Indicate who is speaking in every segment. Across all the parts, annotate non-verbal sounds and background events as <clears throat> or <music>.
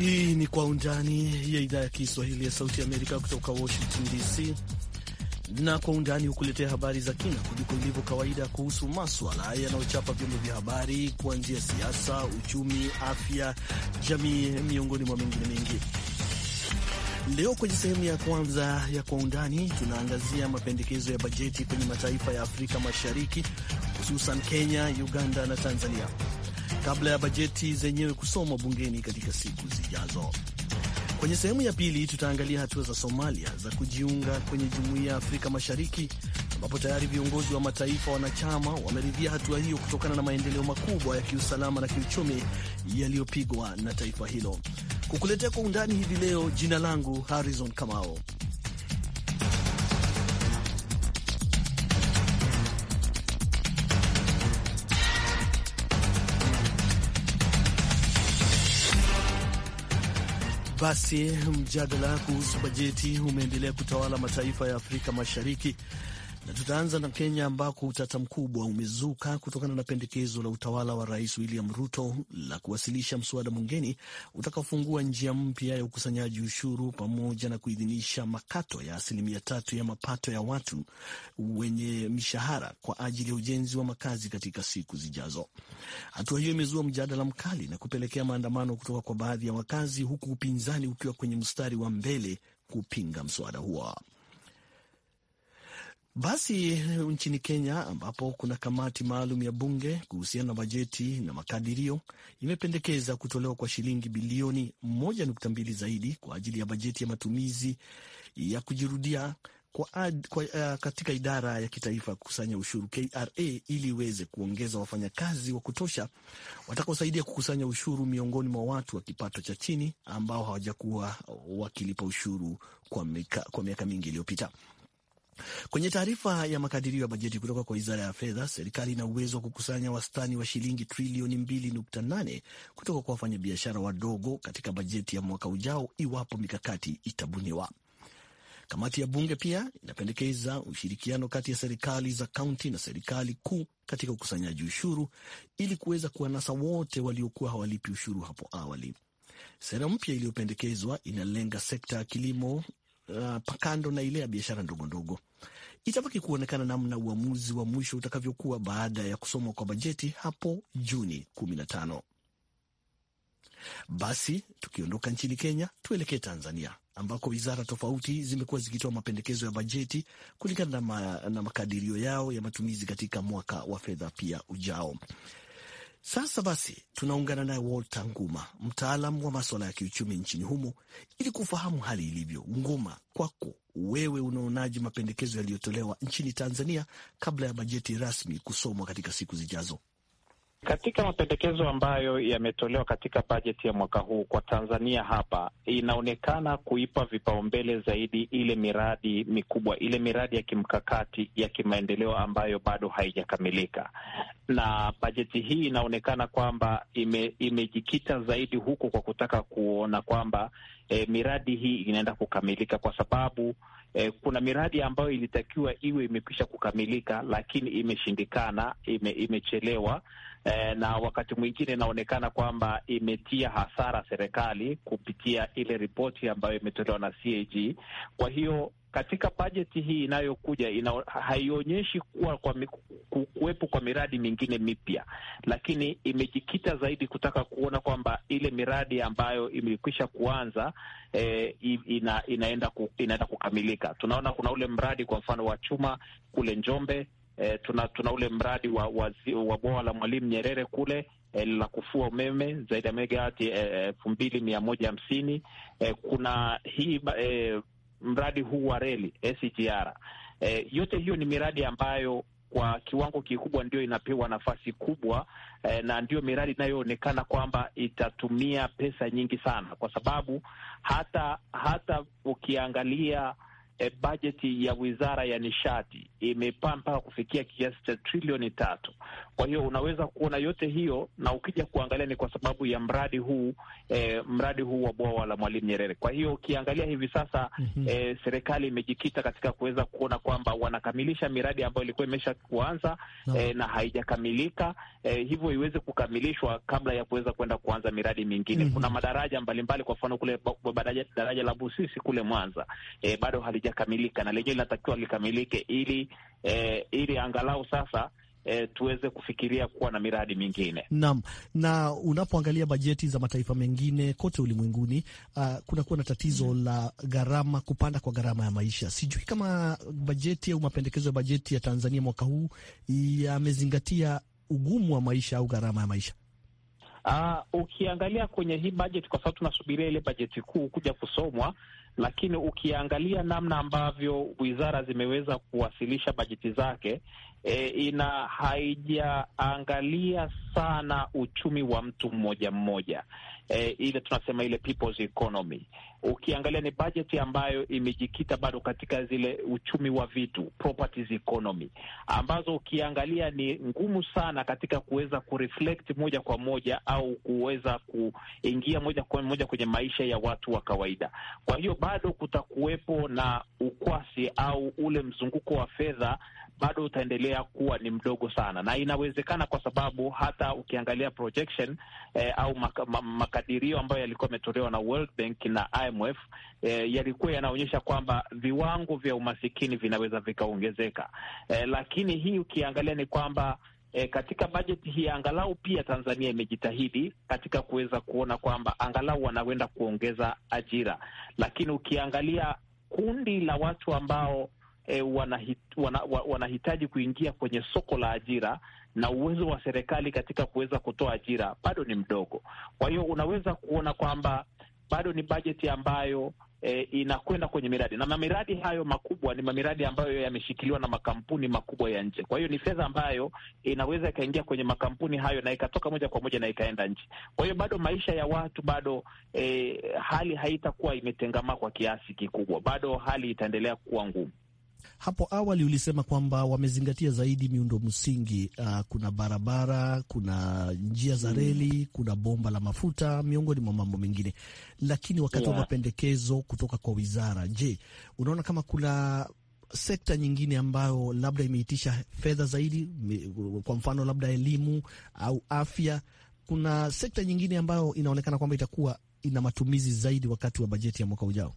Speaker 1: Hii ni Kwa Undani ya idhaa ya Kiswahili ya Sauti ya Amerika kutoka Washington DC. Na Kwa Undani hukuletea habari za kina kuliko ilivyo kawaida kuhusu maswala yanayochapa vyombo vya habari, kuanzia siasa, uchumi, afya, jamii, miongoni mwa mengine mengi. Leo kwenye sehemu ya kwanza ya Kwa Undani tunaangazia mapendekezo ya bajeti kwenye mataifa ya Afrika Mashariki, hususan Kenya, Uganda na Tanzania kabla ya bajeti zenyewe kusomwa bungeni katika siku zijazo. Kwenye sehemu ya pili tutaangalia hatua za Somalia za kujiunga kwenye jumuiya ya Afrika Mashariki, ambapo tayari viongozi wa mataifa wanachama wameridhia hatua hiyo kutokana na maendeleo makubwa ya kiusalama na kiuchumi yaliyopigwa na taifa hilo. Kukuletea kwa undani hivi leo, jina langu Harrison Kamao. Basi mjadala kuhusu bajeti umeendelea kutawala mataifa ya Afrika Mashariki na tutaanza na Kenya ambako utata mkubwa umezuka kutokana na pendekezo la utawala wa Rais William Ruto la kuwasilisha mswada bungeni utakaofungua njia mpya ya ukusanyaji ushuru pamoja na kuidhinisha makato ya asilimia tatu ya mapato ya watu wenye mishahara kwa ajili ya ujenzi wa makazi katika siku zijazo. Hatua hiyo imezua mjadala mkali na kupelekea maandamano kutoka kwa baadhi ya wakazi, huku upinzani ukiwa kwenye mstari wa mbele kupinga mswada huo. Basi eh, nchini Kenya, ambapo kuna kamati maalum ya bunge kuhusiana na bajeti na makadirio, imependekeza kutolewa kwa shilingi bilioni 1.2 zaidi kwa ajili ya bajeti ya matumizi ya kujirudia kwa ad, kwa, uh, katika idara ya kitaifa ya kukusanya ushuru KRA ili iweze kuongeza wafanyakazi wa kutosha watakaosaidia kukusanya ushuru miongoni mwa watu wa kipato cha chini ambao hawajakuwa wakilipa ushuru kwa miaka mingi iliyopita. Kwenye taarifa ya makadirio ya bajeti kutoka kwa wizara ya fedha, serikali ina uwezo wa kukusanya wastani wa shilingi trilioni 2.8 kutoka kwa wafanyabiashara wadogo katika bajeti ya mwaka ujao iwapo mikakati itabuniwa. Kamati ya bunge pia inapendekeza ushirikiano kati ya serikali za kaunti na serikali kuu katika ukusanyaji ushuru ili kuweza kuwanasa wote waliokuwa hawalipi ushuru hapo awali. Sera mpya iliyopendekezwa inalenga sekta ya kilimo Uh, pakando na ile ya biashara ndogo ndogo. Itabaki kuonekana namna uamuzi wa mwisho utakavyokuwa baada ya kusomwa kwa bajeti hapo Juni kumi na tano. Basi tukiondoka nchini Kenya, tuelekee Tanzania ambako wizara tofauti zimekuwa zikitoa mapendekezo ya bajeti kulingana na, ma, na makadirio yao ya matumizi katika mwaka wa fedha pia ujao. Sasa basi tunaungana naye Walter Nguma, mtaalam wa maswala ya kiuchumi nchini humo, ili kufahamu hali ilivyo. Nguma, kwako wewe, unaonaje mapendekezo yaliyotolewa nchini Tanzania kabla ya bajeti rasmi kusomwa katika siku zijazo?
Speaker 2: Katika mapendekezo ambayo yametolewa katika bajeti ya mwaka huu kwa Tanzania hapa, inaonekana kuipa vipaumbele zaidi ile miradi mikubwa, ile miradi ya kimkakati ya kimaendeleo ambayo bado haijakamilika, na bajeti hii inaonekana kwamba ime, imejikita zaidi huko kwa kutaka kuona kwamba e, miradi hii inaenda kukamilika kwa sababu E, kuna miradi ambayo ilitakiwa iwe imekwisha kukamilika lakini imeshindikana, ime, imechelewa eh, na wakati mwingine inaonekana kwamba imetia hasara serikali kupitia ile ripoti ambayo imetolewa na CAG. Kwa hiyo katika bajeti hii inayokuja ina, haionyeshi kuwa kwa kuwepo kwa miradi mingine mipya, lakini imejikita zaidi kutaka kuona kwamba ile miradi ambayo imekwisha kuanza e, ina, inaenda, ku, inaenda kukamilika. Tunaona kuna ule mradi kwa mfano wa chuma kule Njombe e, tuna tuna ule mradi wa, wa, wa bwawa la Mwalimu Nyerere kule e, la kufua umeme zaidi ya megawati eh, elfu e, mbili mia moja hamsini e, kuna hii e, mradi huu wa reli SGR e, yote hiyo ni miradi ambayo kwa kiwango kikubwa ndio inapewa nafasi kubwa eh, na ndio miradi inayoonekana kwamba itatumia pesa nyingi sana, kwa sababu hata hata ukiangalia e, eh, bajeti ya wizara ya nishati imepaa mpaka kufikia kiasi cha trilioni tatu. Kwa hiyo unaweza kuona yote hiyo, na ukija kuangalia ni kwa sababu ya mradi huu e, mradi huu wa bwawa la Mwalimu Nyerere. Kwa hiyo ukiangalia hivi sasa mm -hmm. e, serikali imejikita katika kuweza kuona kwamba wanakamilisha miradi ambayo ilikuwa imesha kuanza no. e, na haijakamilika e, hivyo iweze kukamilishwa kabla ya kuweza kwenda kuanza miradi mingine mm -hmm. kuna madaraja mbalimbali, kwa mfano kule daraja la Busisi kule Mwanza e, bado halija halijakamilika na lenyewe linatakiwa likamilike, ili eh, ili angalau sasa E, tuweze kufikiria kuwa na miradi mingine.
Speaker 1: Naam, na unapoangalia bajeti za mataifa mengine kote ulimwenguni, uh, kunakuwa na tatizo mm, la gharama kupanda kwa gharama ya maisha. Sijui kama bajeti au mapendekezo ya bajeti ya Tanzania mwaka huu yamezingatia ugumu wa maisha au gharama ya maisha.
Speaker 2: Uh, ukiangalia kwenye hii bajeti, kwa sababu tunasubiria ile bajeti kuu kuja kusomwa lakini ukiangalia namna ambavyo wizara zimeweza kuwasilisha bajeti zake e, ina haijaangalia sana uchumi wa mtu mmoja mmoja, e, ile tunasema ile people's economy. Ukiangalia ni bajeti ambayo imejikita bado katika zile uchumi wa vitu properties economy, ambazo ukiangalia ni ngumu sana katika kuweza kureflect moja kwa moja au kuweza kuingia moja kwa moja kwenye maisha ya watu wa kawaida. Kwa hiyo bado kutakuwepo na ukwasi au ule mzunguko wa fedha bado utaendelea kuwa ni mdogo sana, na inawezekana kwa sababu hata ukiangalia projection eh, au mak makadirio ambayo yalikuwa yametolewa na World Bank na IMF eh, yalikuwa yanaonyesha kwamba viwango vya umasikini vinaweza vikaongezeka, eh, lakini hii ukiangalia ni kwamba E, katika bajeti hii angalau pia Tanzania imejitahidi katika kuweza kuona kwamba angalau wanawenda kuongeza ajira, lakini ukiangalia kundi la watu ambao e, wanahit, wana, wanahitaji kuingia kwenye soko la ajira na uwezo wa serikali katika kuweza kutoa ajira bado ni mdogo. Kwa hiyo unaweza kuona kwamba bado ni bajeti ambayo E, inakwenda kwenye miradi na mamiradi hayo makubwa ni mamiradi ambayo yameshikiliwa na makampuni makubwa ya nje. Kwa hiyo ni fedha ambayo inaweza ikaingia kwenye makampuni hayo na ikatoka moja kwa moja na ikaenda nje. Kwa hiyo bado maisha ya watu bado, e, hali haitakuwa imetengamaa kwa kiasi kikubwa, bado hali itaendelea kuwa ngumu.
Speaker 1: Hapo awali ulisema kwamba wamezingatia zaidi miundo msingi. Uh, kuna barabara, kuna njia za hmm. reli, kuna bomba la mafuta miongoni mwa mambo mengine, lakini wakati yeah, wa mapendekezo kutoka kwa wizara, je, unaona kama kuna sekta nyingine ambayo labda imeitisha fedha zaidi, kwa mfano labda elimu au afya? Kuna sekta nyingine ambayo inaonekana kwamba itakuwa ina matumizi zaidi wakati wa bajeti ya mwaka
Speaker 2: ujao?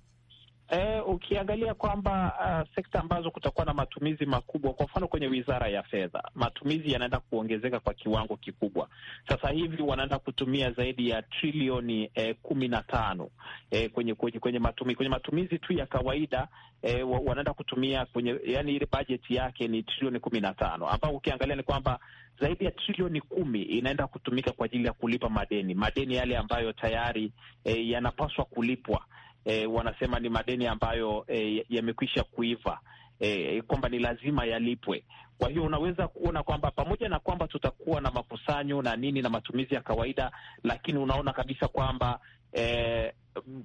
Speaker 2: Eh, ukiangalia kwamba uh, sekta ambazo kutakuwa na matumizi makubwa, kwa mfano kwenye wizara ya fedha, matumizi yanaenda kuongezeka kwa kiwango kikubwa. Sasa hivi wanaenda kutumia zaidi ya trilioni eh, kumi na tano eh, kwenye, kwenye, kwenye, matumizi, kwenye matumizi tu ya kawaida eh, wanaenda kutumia kwenye, yani ile bajeti yake ni trilioni kumi na tano ambao ukiangalia ni kwamba zaidi ya trilioni kumi inaenda kutumika kwa ajili ya kulipa madeni, madeni yale ambayo tayari eh, yanapaswa kulipwa e, wanasema ni madeni ambayo e, yamekwisha kuiva e, kwamba ni lazima yalipwe. Kwa hiyo unaweza kuona kwamba pamoja na kwamba tutakuwa na makusanyo na nini na matumizi ya kawaida, lakini unaona kabisa kwamba e,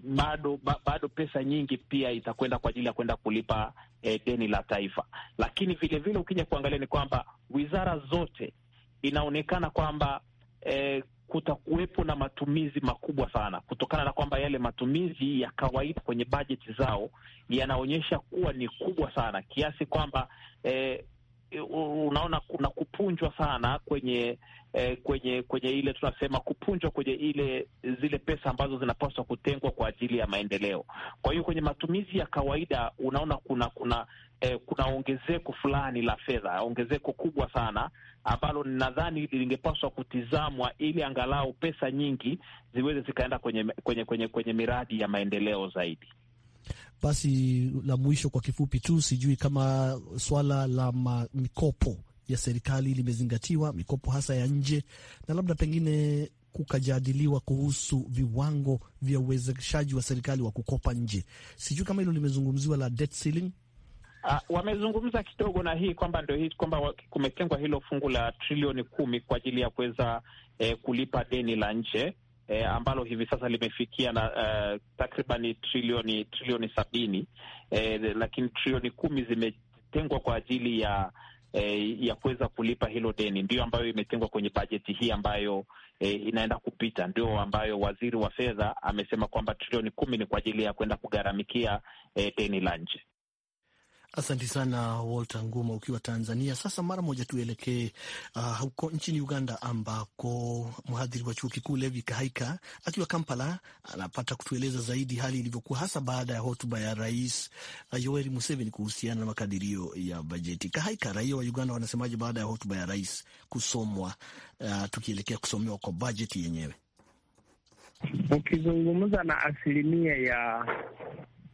Speaker 2: bado ba, bado pesa nyingi pia itakwenda kwa ajili ya kwenda kulipa e, deni la taifa. Lakini vilevile ukija kuangalia ni kwamba wizara zote inaonekana kwamba e, kutakuwepo na matumizi makubwa sana, kutokana na kwamba yale matumizi ya kawaida kwenye bajeti zao yanaonyesha kuwa ni kubwa sana kiasi kwamba eh, unaona kuna kupunjwa sana kwenye eh, kwenye kwenye ile tunasema kupunjwa kwenye ile zile pesa ambazo zinapaswa kutengwa kwa ajili ya maendeleo. Kwa hiyo kwenye matumizi ya kawaida unaona kuna kuna eh, kuna ongezeko fulani la fedha, ongezeko kubwa sana ambalo nadhani lingepaswa kutizamwa ili angalau pesa nyingi ziweze zikaenda kwenye, kwenye, kwenye, kwenye miradi ya maendeleo zaidi.
Speaker 1: Basi la mwisho kwa kifupi tu, sijui kama swala la ma, mikopo ya serikali limezingatiwa, mikopo hasa ya nje, na labda pengine kukajadiliwa kuhusu viwango vya uwezeshaji wa serikali wa kukopa nje. Sijui kama hilo limezungumziwa la debt ceiling.
Speaker 2: Uh, wamezungumza kidogo na hii kwamba ndio hii kwamba kumetengwa hilo fungu la trilioni kumi kwa ajili ya kuweza eh, kulipa deni la nje eh, ambalo hivi sasa limefikia na uh, eh, takribani trilioni trilioni sabini eh, lakini trilioni kumi zimetengwa kwa ajili ya eh, ya kuweza kulipa hilo deni, ndio ambayo imetengwa kwenye bajeti hii ambayo eh, inaenda kupita, ndio ambayo waziri wa fedha amesema kwamba trilioni kumi ni kwa ajili ya kwenda kugharamikia eh, deni la nje.
Speaker 1: Asanti sana Walter Nguma ukiwa Tanzania. Sasa mara moja tuelekee uh, huko nchini Uganda ambako mhadhiri wa chuo kikuu Levi Kahaika akiwa Kampala anapata kutueleza zaidi hali ilivyokuwa hasa baada ya hotuba ya Rais uh, Yoweri Museveni kuhusiana na makadirio ya bajeti. Kahaika, raia wa Uganda wanasemaje baada ya hotuba ya rais kusomwa, uh, tukielekea kusomewa kwa bajeti yenyewe? Ukizungumza na asilimia ya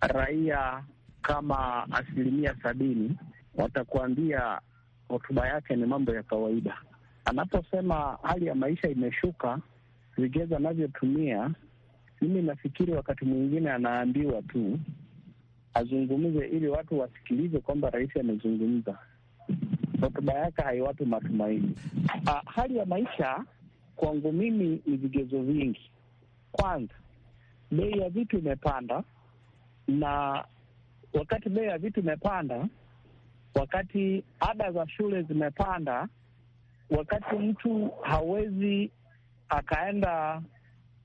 Speaker 3: raia kama asilimia sabini watakuambia hotuba yake ni mambo ya kawaida. Anaposema hali ya maisha imeshuka, vigezo anavyotumia, mimi nafikiri wakati mwingine anaambiwa tu azungumze ili watu wasikilize kwamba rais amezungumza. Hotuba yake haiwapi matumaini. Ah, hali ya maisha kwangu mimi ni vigezo vingi. Kwanza, bei ya vitu imepanda na wakati bei ya vitu imepanda, wakati ada za shule zimepanda, wakati mtu hawezi akaenda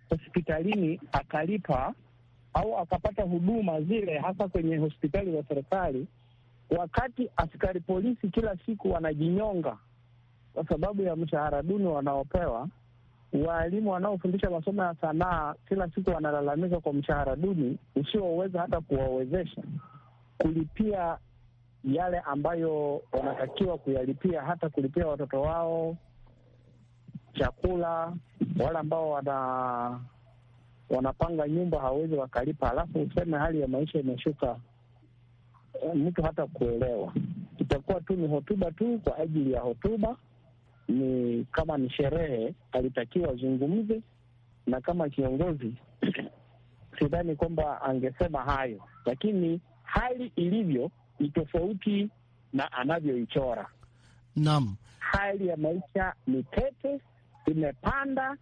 Speaker 3: hospitalini akalipa au akapata huduma zile hasa kwenye hospitali za serikali, wakati askari polisi kila siku wanajinyonga kwa sababu ya mshahara duni wanaopewa, waalimu wanaofundisha masomo ya sanaa kila siku wanalalamika kwa mshahara duni usioweza hata kuwawezesha kulipia yale ambayo wanatakiwa kuyalipia, hata kulipia watoto wao chakula. Wale ambao wana wanapanga nyumba hawawezi wakalipa, halafu useme hali ya maisha imeshuka, mtu hata kuelewa. Itakuwa tu ni hotuba tu kwa ajili ya hotuba, ni kama ni sherehe, alitakiwa azungumze, na kama kiongozi <clears throat> sidhani kwamba angesema hayo, lakini hali ilivyo ni tofauti na anavyoichora. Naam, hali ya maisha ni tete, imepanda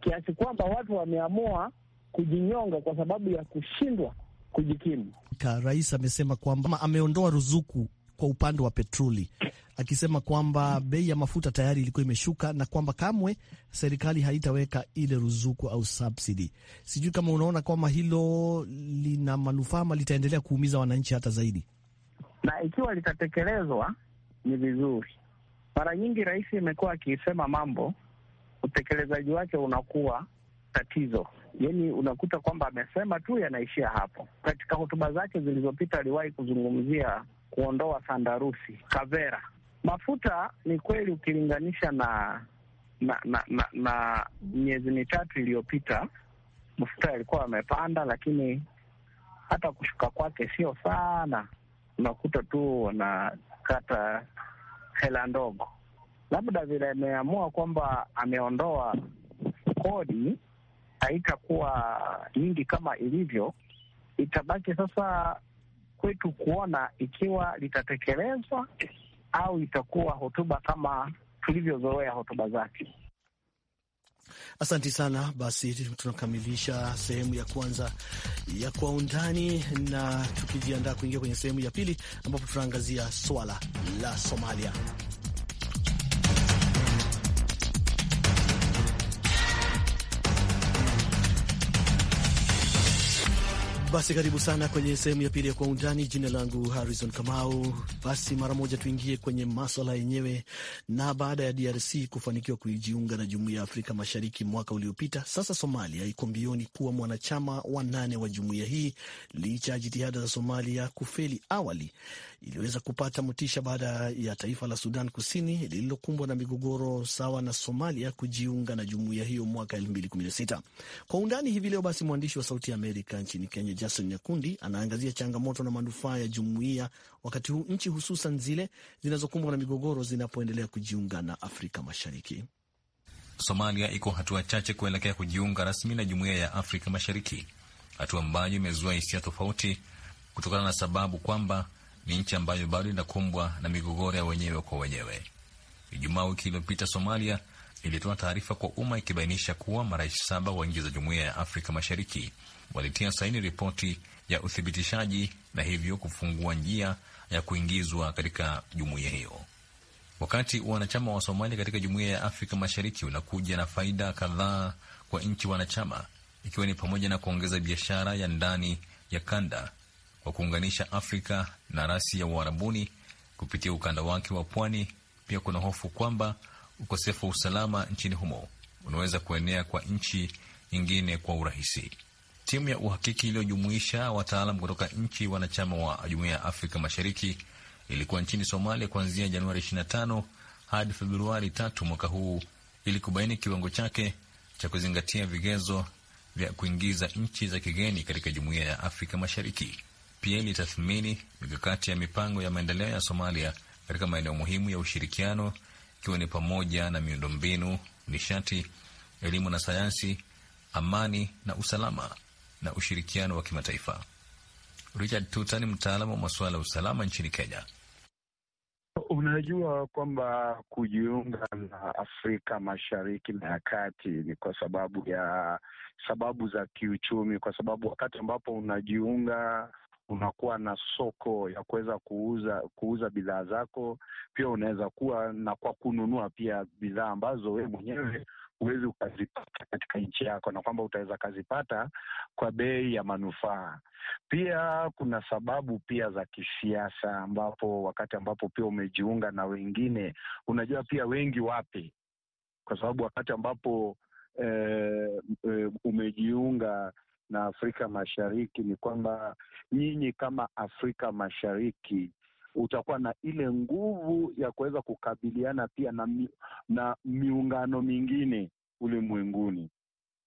Speaker 3: kiasi kwamba watu wameamua kujinyonga kwa sababu ya kushindwa
Speaker 1: kujikimu. Rais amesema kwamba ameondoa ruzuku kwa upande wa petroli akisema kwamba bei ya mafuta tayari ilikuwa imeshuka na kwamba kamwe serikali haitaweka ile ruzuku au subsidy. Sijui kama unaona kwamba hilo lina manufaa ama litaendelea kuumiza wananchi hata zaidi,
Speaker 3: na ikiwa litatekelezwa ni vizuri. Mara nyingi rais imekuwa akisema mambo, utekelezaji wake unakuwa tatizo. Yani unakuta kwamba amesema tu yanaishia hapo. Katika hotuba zake zilizopita aliwahi kuzungumzia kuondoa sandarusi, kavera Mafuta ni kweli ukilinganisha na na na na, na miezi mitatu iliyopita mafuta yalikuwa yamepanda, lakini hata kushuka kwake sio sana, unakuta tu wanakata hela ndogo. Labda vile ameamua kwamba ameondoa kodi, haitakuwa nyingi kama ilivyo. Itabaki sasa kwetu kuona ikiwa litatekelezwa au itakuwa hotuba kama tulivyozoea hotuba zake.
Speaker 1: Asanti sana. Basi tunakamilisha sehemu ya kwanza ya Kwa Undani, na tukijiandaa kuingia kwenye sehemu ya pili ambapo tunaangazia swala la Somalia. Basi karibu sana kwenye sehemu ya pili ya Kwa Undani. Jina langu Harrison Kamau. Basi mara moja tuingie kwenye maswala yenyewe. Na baada ya DRC kufanikiwa kuijiunga na Jumuiya ya Afrika Mashariki mwaka uliopita, sasa Somalia iko mbioni kuwa mwanachama wa nane wa jumuiya hii, licha ya jitihada za Somalia kufeli awali iliweza kupata mtisha baada ya taifa la Sudan Kusini lililokumbwa na migogoro sawa na Somalia kujiunga na jumuiya hiyo mwaka 2016. Kwa undani hivi leo, basi mwandishi wa Sauti ya Amerika nchini Kenya Jason Nyakundi anaangazia changamoto na manufaa ya jumuiya wakati huu nchi hususan zile zinazokumbwa na migogoro zinapoendelea kujiunga na Afrika Mashariki.
Speaker 4: Somalia iko hatua chache kuelekea kujiunga rasmi na jumuiya ya Afrika Mashariki, hatua ambayo imezua hisia tofauti kutokana na sababu kwamba ni nchi ambayo bado inakumbwa na migogoro ya wenyewe kwa wenyewe. Ijumaa wiki iliyopita, Somalia ilitoa taarifa kwa umma ikibainisha kuwa marais saba wa nchi za jumuiya ya Afrika Mashariki walitia saini ripoti ya uthibitishaji na hivyo kufungua njia ya kuingizwa katika jumuiya hiyo. Wakati wanachama wa Somalia katika jumuiya ya Afrika Mashariki unakuja na faida kadhaa kwa nchi wanachama, ikiwa ni pamoja na kuongeza biashara ya ndani ya kanda kwa kuunganisha Afrika na rasi ya Uarabuni kupitia ukanda wake wa pwani. Pia kuna hofu kwamba ukosefu wa usalama nchini humo unaweza kuenea kwa nchi nyingine kwa urahisi. Timu ya uhakiki iliyojumuisha wataalam kutoka nchi wanachama wa Jumuiya ya Afrika Mashariki ilikuwa nchini Somalia kuanzia Januari 25 hadi Februari 3 mwaka huu ili kubaini kiwango chake cha kuzingatia vigezo vya kuingiza nchi za kigeni katika Jumuiya ya Afrika Mashariki. Pia ilitathmini mikakati ya mipango ya maendeleo ya Somalia katika maeneo muhimu ya ushirikiano ikiwa ni pamoja na miundombinu, nishati, elimu na sayansi, amani na usalama na ushirikiano wa kimataifa. Richard Tuta ni mtaalamu wa masuala ya usalama nchini Kenya.
Speaker 5: Unajua kwamba kujiunga na Afrika Mashariki na ya Kati ni kwa sababu ya sababu za kiuchumi, kwa sababu wakati ambapo unajiunga unakuwa na soko ya kuweza kuuza kuuza bidhaa zako, pia unaweza kuwa na kwa kununua pia bidhaa ambazo wewe mwenyewe huwezi ukazipata katika nchi yako, na kwamba utaweza kazipata kwa bei ya manufaa. Pia kuna sababu pia za kisiasa, ambapo wakati ambapo pia umejiunga na wengine, unajua pia wengi wapi, kwa sababu wakati ambapo e, umejiunga na Afrika Mashariki ni kwamba nyinyi kama Afrika Mashariki utakuwa na ile nguvu ya kuweza kukabiliana pia na, mi, na miungano mingine ulimwenguni,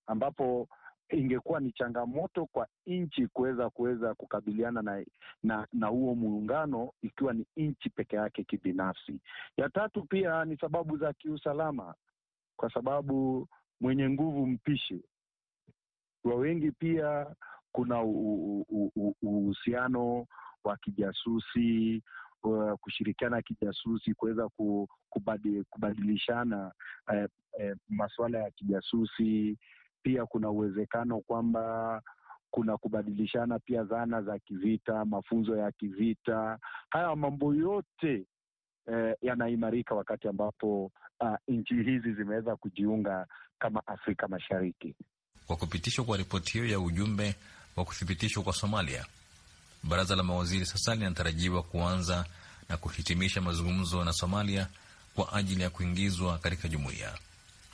Speaker 5: ambapo ingekuwa ni changamoto kwa nchi kuweza kuweza kukabiliana na na, na huo muungano ikiwa ni nchi peke yake kibinafsi. Ya tatu pia ni sababu za kiusalama, kwa sababu mwenye nguvu mpishi wa wengi pia kuna uhusiano wa kijasusi kushirikiana kijasusi kuweza kubadilishana eh, eh, masuala ya kijasusi. Pia kuna uwezekano kwamba kuna kubadilishana pia zana za kivita, mafunzo ya kivita. Haya mambo yote eh, yanaimarika wakati ambapo ah, nchi hizi zimeweza kujiunga kama Afrika
Speaker 4: Mashariki. Kwa kupitishwa kwa ripoti hiyo ya ujumbe wa kuthibitishwa kwa Somalia Baraza la mawaziri sasa linatarajiwa kuanza na kuhitimisha mazungumzo na Somalia kwa ajili ya kuingizwa katika jumuiya.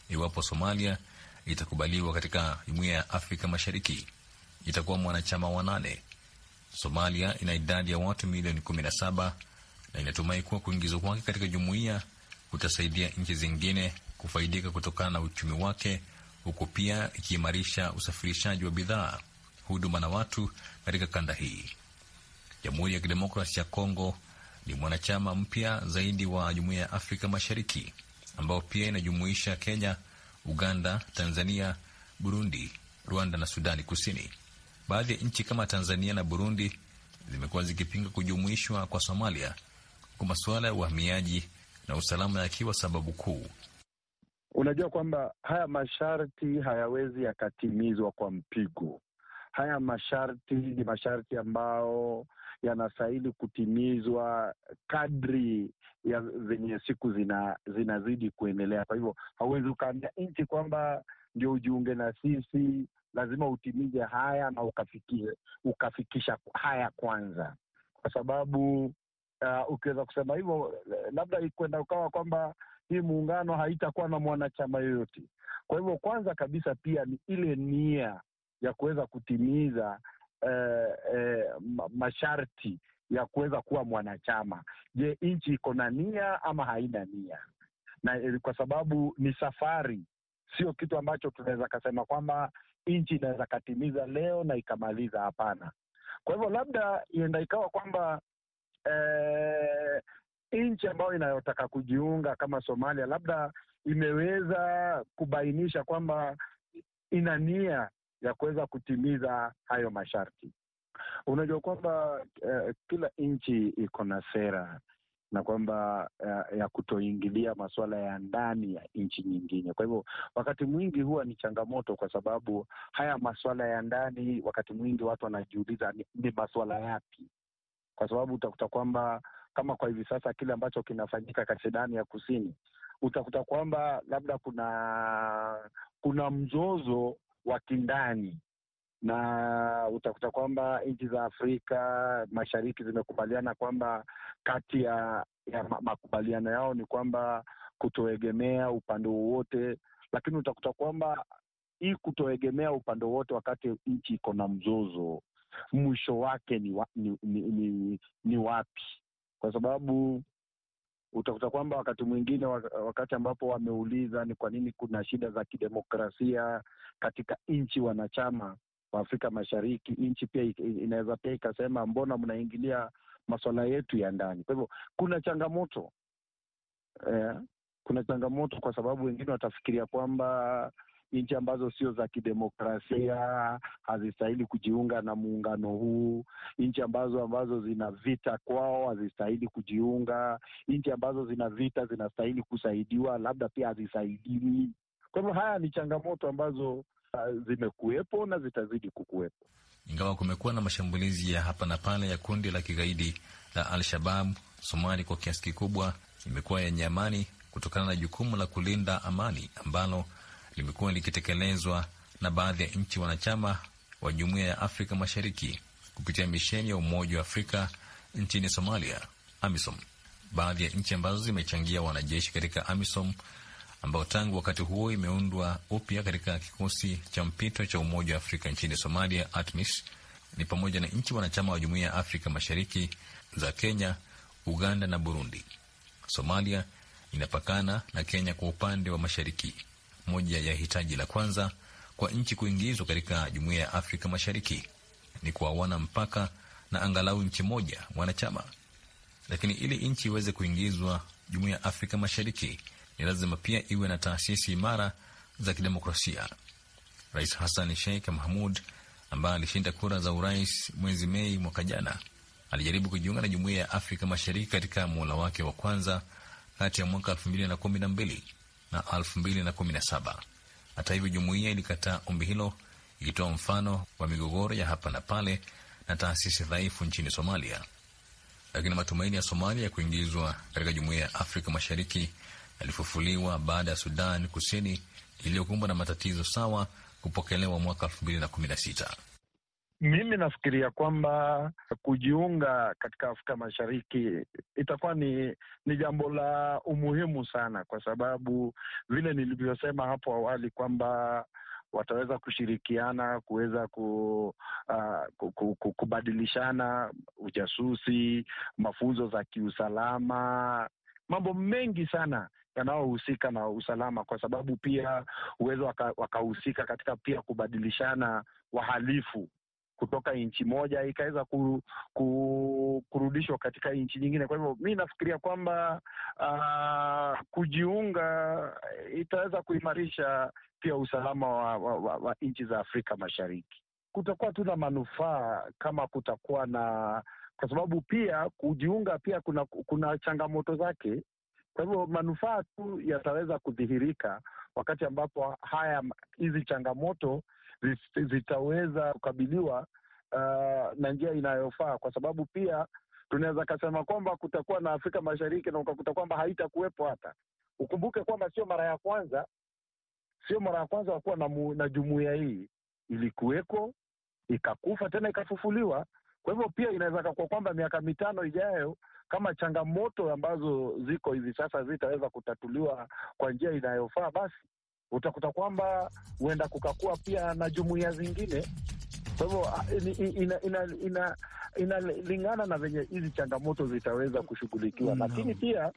Speaker 4: Iwapo Somalia itakubaliwa katika jumuiya ya Afrika Mashariki, itakuwa mwanachama wa nane. Somalia ina idadi ya watu milioni 17 na na inatumai kuwa kuingizwa kwake katika jumuiya kutasaidia nchi zingine kufaidika kutokana na uchumi wake, huku pia ikiimarisha usafirishaji wa bidhaa, huduma na watu katika kanda hii. Jamhuri ya Kidemokrasi ya Kongo ni mwanachama mpya zaidi wa Jumuiya ya Afrika Mashariki ambayo pia inajumuisha Kenya, Uganda, Tanzania, Burundi, Rwanda na Sudani Kusini. Baadhi ya nchi kama Tanzania na Burundi zimekuwa zikipinga kujumuishwa kwa Somalia, huku masuala ya uhamiaji na usalama yakiwa sababu kuu.
Speaker 5: Unajua kwamba haya masharti hayawezi yakatimizwa kwa mpigo. Haya masharti ni masharti ambao yanastahili kutimizwa kadri ya zenye siku zina, zinazidi kuendelea. Kwa hivyo hauwezi ukaambia nchi kwamba ndio ujiunge na sisi, lazima utimize haya na ukafikisha, ukafikisha haya kwanza, kwa sababu uh, ukiweza kusema hivyo labda kwenda ukawa kwamba hii muungano haitakuwa na mwanachama yoyote. Kwa hivyo kwanza kabisa pia ni ile nia ya kuweza kutimiza eh, eh, masharti ya kuweza kuwa mwanachama. Je, nchi iko na nia ama haina nia? Na eh, kwa sababu ni safari, sio kitu ambacho tunaweza kasema kwamba nchi inaweza katimiza leo na ikamaliza. Hapana. Kwa hivyo labda ienda ikawa kwamba eh, nchi ambayo inayotaka kujiunga kama Somalia labda imeweza kubainisha kwamba ina nia ya kuweza kutimiza hayo masharti. Unajua kwamba uh, kila nchi iko na sera na kwamba uh, ya kutoingilia masuala ya ndani ya nchi nyingine. Kwa hivyo wakati mwingi huwa ni changamoto, kwa sababu haya masuala ya ndani, wakati mwingi watu wanajiuliza ni, ni masuala yapi, kwa sababu utakuta kwamba kama kwa hivi sasa kile ambacho kinafanyika kati Sudani ya Kusini, utakuta kwamba labda kuna kuna mzozo wa kindani na utakuta kwamba nchi za Afrika Mashariki zimekubaliana kwamba kati ya, ya makubaliano yao ni kwamba kutoegemea upande wowote, lakini utakuta kwamba hii kutoegemea upande wowote wakati nchi iko na mzozo, mwisho wake ni, wa, ni, ni, ni, ni wapi? Kwa sababu utakuta kwamba wakati mwingine, wakati ambapo wameuliza ni kwa nini kuna shida za kidemokrasia katika nchi wanachama wa Afrika Mashariki, nchi pia inaweza pia ikasema mbona mnaingilia masuala yetu ya ndani? Kwa hivyo kuna changamoto eh, kuna changamoto kwa sababu wengine watafikiria kwamba nchi ambazo sio za kidemokrasia hazistahili kujiunga na muungano huu. Nchi ambazo ambazo zina vita kwao hazistahili kujiunga. Nchi ambazo zina vita zinastahili kusaidiwa, labda pia hazisaidiwi. Kwa hivyo haya ni changamoto ambazo uh, zimekuwepo na zitazidi kukuwepo,
Speaker 4: ingawa kumekuwa na mashambulizi ya hapa na pale ya kundi la kigaidi la Al-Shabab. Somali kwa kiasi kikubwa imekuwa yenye amani kutokana na jukumu la kulinda amani ambalo limekuwa likitekelezwa na baadhi ya nchi wanachama wa Jumuiya ya Afrika Mashariki kupitia misheni ya Umoja wa Afrika nchini Somalia, AMISOM. Baadhi ya nchi ambazo zimechangia wanajeshi katika AMISOM ambao tangu wakati huo imeundwa upya katika kikosi cha mpito cha Umoja wa Afrika nchini Somalia, ATMIS, ni pamoja na nchi wanachama wa Jumuiya ya Afrika Mashariki za Kenya, Uganda na Burundi. Somalia inapakana na Kenya kwa upande wa mashariki moja ya hitaji la kwanza kwa nchi kuingizwa katika jumuiya ya Afrika Mashariki ni kuawana mpaka na angalau nchi moja mwanachama. Lakini ili nchi iweze kuingizwa jumuiya ya Afrika Mashariki ni lazima pia iwe na taasisi imara za kidemokrasia. Rais Hassan Sheikh Mahmud ambaye alishinda kura za urais mwezi Mei mwaka jana alijaribu kujiunga na jumuiya ya Afrika Mashariki katika muhula wake wa kwanza kati ya mwaka elfu mbili na kumi na mbili na elfu mbili na kumi na saba. Hata hivyo, jumuiya ilikataa ombi hilo ikitoa mfano wa migogoro ya hapa na pale na taasisi dhaifu nchini Somalia. Lakini matumaini ya Somalia ya kuingizwa katika jumuiya ya Afrika Mashariki yalifufuliwa baada ya Sudan Kusini iliyokumbwa na matatizo sawa kupokelewa mwaka elfu
Speaker 5: mimi nafikiria kwamba kujiunga katika Afrika Mashariki itakuwa ni, ni jambo la umuhimu sana, kwa sababu vile nilivyosema hapo awali kwamba wataweza kushirikiana kuweza ku, uh, kubadilishana ujasusi, mafunzo za kiusalama, mambo mengi sana yanayohusika na usalama, kwa sababu pia huweza wakahusika waka katika pia kubadilishana wahalifu kutoka nchi moja ikaweza ku, ku, kurudishwa katika nchi nyingine. Kwa hivyo mi nafikiria kwamba uh, kujiunga eh, itaweza kuimarisha pia usalama wa, wa, wa, wa nchi za Afrika Mashariki. Kutakuwa tu na manufaa kama kutakuwa na, kwa sababu pia kujiunga pia kuna, kuna changamoto zake. Kwa hivyo manufaa tu yataweza kudhihirika wakati ambapo haya hizi changamoto zitaweza kukabiliwa uh, na njia inayofaa, kwa sababu pia tunaweza kasema kwamba kutakuwa na Afrika Mashariki na ukakuta kwamba haitakuwepo hata. Ukumbuke kwamba sio mara ya kwanza, sio mara ya kwanza wakuwa na, na jumuiya hii ilikuweko ikakufa tena ikafufuliwa. Kwa hivyo pia inaweza kakua kwamba miaka mitano ijayo kama changamoto ambazo ziko hivi sasa zitaweza kutatuliwa kwa njia inayofaa, basi utakuta kwamba huenda kukakuwa pia na jumuiya zingine. Kwa hivyo ah, ina, ina, ina, na venye hizi changamoto zitaweza kushughulikiwa, mm, lakini pia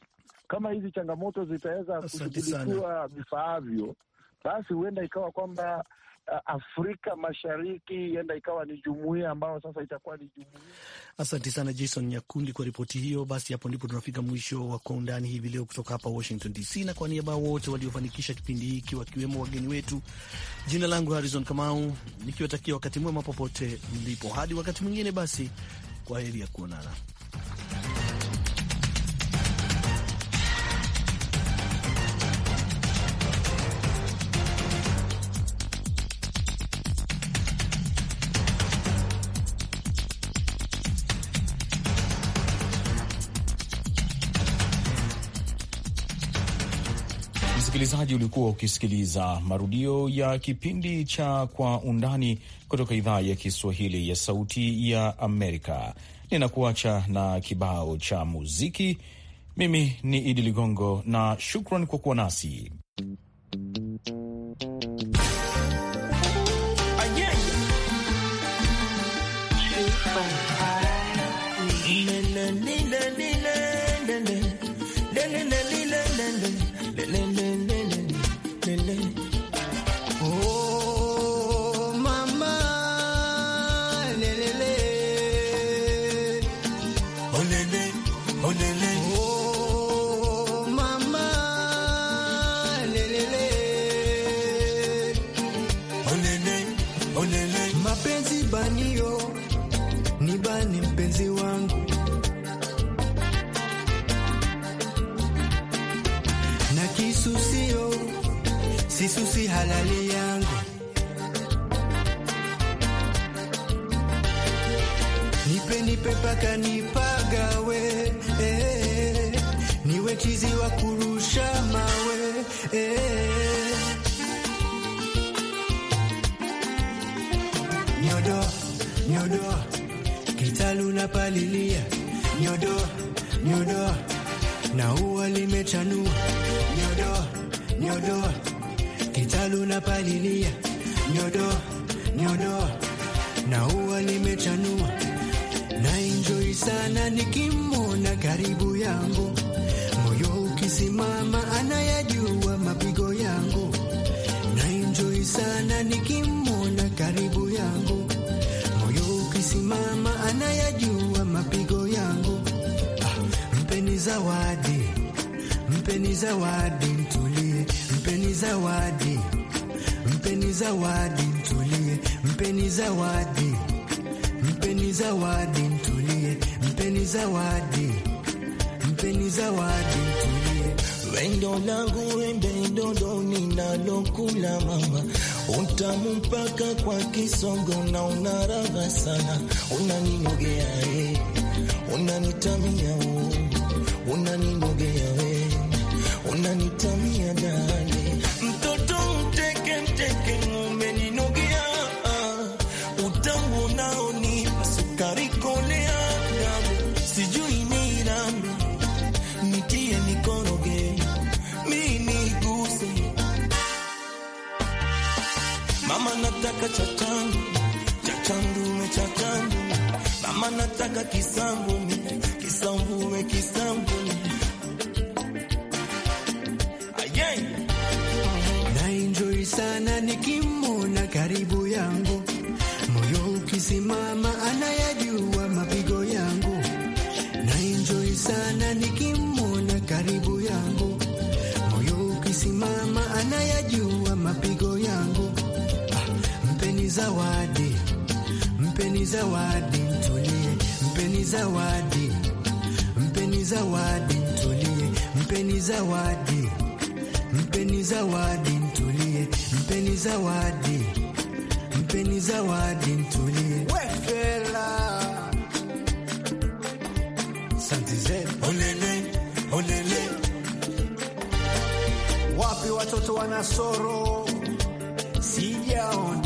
Speaker 5: kama hizi changamoto zitaweza kushughulikiwa vifaavyo, basi huenda ikawa kwamba Afrika Mashariki ienda ikawa ni jumuia ambayo sasa itakuwa ni jumuia.
Speaker 1: Asante sana Jason Nyakundi kwa ripoti hiyo. Basi hapo ndipo tunafika mwisho wa Kwa Undani hivi leo kutoka hapa Washington DC, na kwa niaba wote waliofanikisha kipindi hiki wakiwemo wageni wetu, jina langu Harrison Kamau nikiwatakia wakati mwema popote mlipo. Hadi wakati mwingine, basi kwa heri ya kuonana.
Speaker 2: Msikilizaji, ulikuwa ukisikiliza marudio ya kipindi cha Kwa Undani kutoka idhaa ya Kiswahili ya Sauti ya Amerika. Ninakuacha na kibao cha muziki. Mimi ni Idi Ligongo na shukran kwa kuwa nasi.
Speaker 6: kinyodoa na uwa nimechanua na enjoy sana nikimona karibu yangu, moyo ukisimama anayajua mapigo yangu, na enjoy sana nikimona karibu yangu, moyo ukisimama anayajua mapigo yangu. Ah, mpeni zawadi, mpeni zawadi, mtulie, mpeni zawadi, mpeni zawadi, mtulie. Mpeni zawadi, mpeni zawadi mtulie, mpeni zawadi, mpeni zawadi mtulie. Wendo langu wende ndondo ninalokula mama utamu mpaka kwa kisongo na una sana, unaninogea e, unanitamia we, unanimogea we, unanitamia ndani zawadi, mpeni zawadi mtulie, mpeni zawadi, mpeni zawadi mtulie, mpeni zawadi, mpeni zawadi mtulie. Wefela santize olele olele, wapi watoto wanasoro sijaona